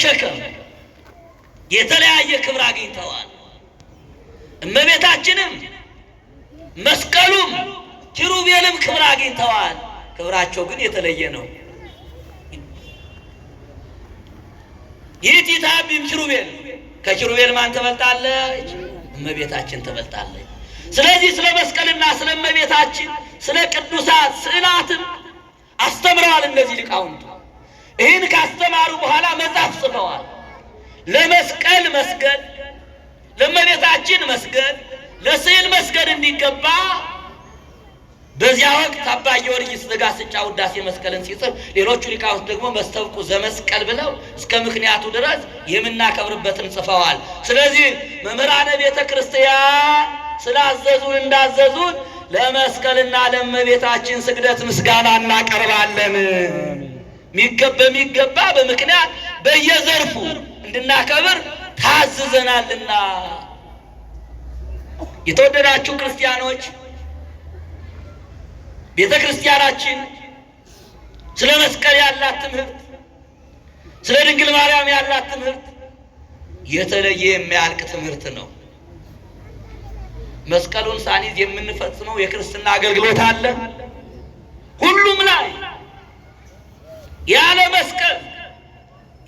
በመሸከም የተለያየ ክብር አግኝተዋል። እመቤታችንም መስቀሉም ኪሩቤልም ክብር አግኝተዋል። ክብራቸው ግን የተለየ ነው። ታቢም ኪሩቤል ከኪሩቤል ማን ትበልጣለች? እመቤታችን ትበልጣለች። ስለዚህ ስለ መስቀልና ስለ እመቤታችን ስለ ቅዱሳት ስዕላትም አስተምረዋል እነዚህ ሊቃውንቱ። ይህን ካስተማሩ በኋላ መጽሐፍ ለመስቀል መስገድ፣ ለመቤታችን መስገድ፣ ለስዕል መስገድ እንዲገባ በዚያ ወቅት አባ ጊዮርጊስ ዘጋስጫ ውዳሴ መስቀልን ሲጽፍ፣ ሌሎቹ ሊቃውንት ደግሞ መስተብቁ ዘመስቀል ብለው እስከ ምክንያቱ ድረስ የምናከብርበትን ጽፈዋል። ስለዚህ መምህራነ ቤተ ክርስቲያን ስላዘዙን እንዳዘዙን ለመስቀልና ለመቤታችን ስግደት ምስጋና እናቀርባለን። በሚገባ በምክንያት በየዘርፉ እንድናከብር ታዝዘናልና። የተወደዳችሁ ክርስቲያኖች ቤተ ክርስቲያናችን ስለ መስቀል ያላት ትምህርት፣ ስለ ድንግል ማርያም ያላት ትምህርት የተለየ የሚያልቅ ትምህርት ነው። መስቀሉን ሳኒዝ የምንፈጽመው የክርስትና አገልግሎት አለ ሁሉም ላይ ያለ መስቀል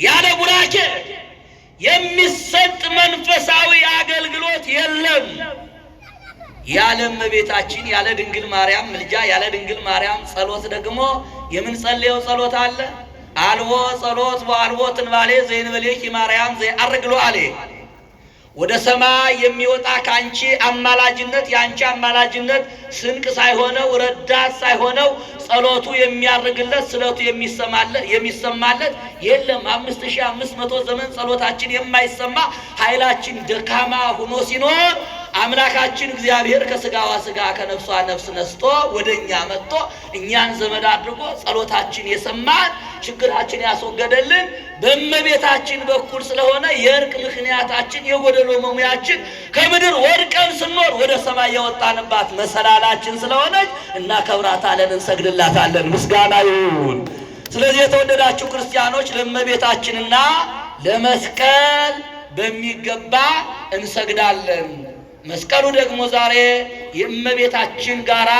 ያለ ቡራኬ የሚሰጥ መንፈሳዊ አገልግሎት የለም። ያለ እመቤታችን፣ ያለ ድንግል ማርያም ምልጃ፣ ያለ ድንግል ማርያም ጸሎት ደግሞ የምንጸልየው ጸሎት አለ አልቦ ጸሎት ወአልቦ ትንባሌ ዘይንበሌኪ ማርያም አርግሎ አለ ወደ ሰማይ የሚወጣ ከአንቺ አማላጅነት የአንቺ አማላጅነት ስንቅ ሳይሆነው ረዳት ሳይሆነው ጸሎቱ የሚያርግለት ስለቱ የሚሰማለት የለም። አምስት ሺህ አምስት መቶ ዘመን ጸሎታችን የማይሰማ ኃይላችን ደካማ ሆኖ ሲኖር አምላካችን እግዚአብሔር ከስጋዋ ስጋ ከነፍሷ ነፍስ ነስቶ ወደ እኛ መጥቶ እኛን ዘመድ አድርጎ ጸሎታችን የሰማን ችግራችን ያስወገደልን በእመቤታችን በኩል ስለሆነ የእርቅ ምክንያታችን የጎደሎ መሙያችን ከምድር ወድቀን ስንኖር ወደ ሰማይ ያወጣንባት መሰላላችን ስለሆነች እናከብራታለን፣ እንሰግድላታለን። ምስጋና ይሁን። ስለዚህ የተወደዳችሁ ክርስቲያኖች ለእመቤታችንና ለመስቀል በሚገባ እንሰግዳለን። መስቀሉ ደግሞ ዛሬ የእመቤታችን ጋራ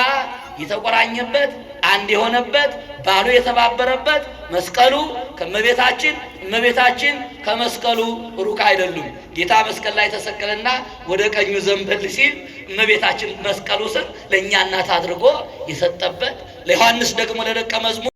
የተቆራኘበት አንድ የሆነበት ባሉ የተባበረበት መስቀሉ ከእመቤታችን እመቤታችን ከመስቀሉ ሩቅ አይደሉም። ጌታ መስቀል ላይ ተሰቀለና ወደ ቀኙ ዘንበል ሲል እመቤታችን መስቀሉ ስር ለእኛ እናት አድርጎ የሰጠበት ለዮሐንስ ደግሞ ለደቀ መዝሙር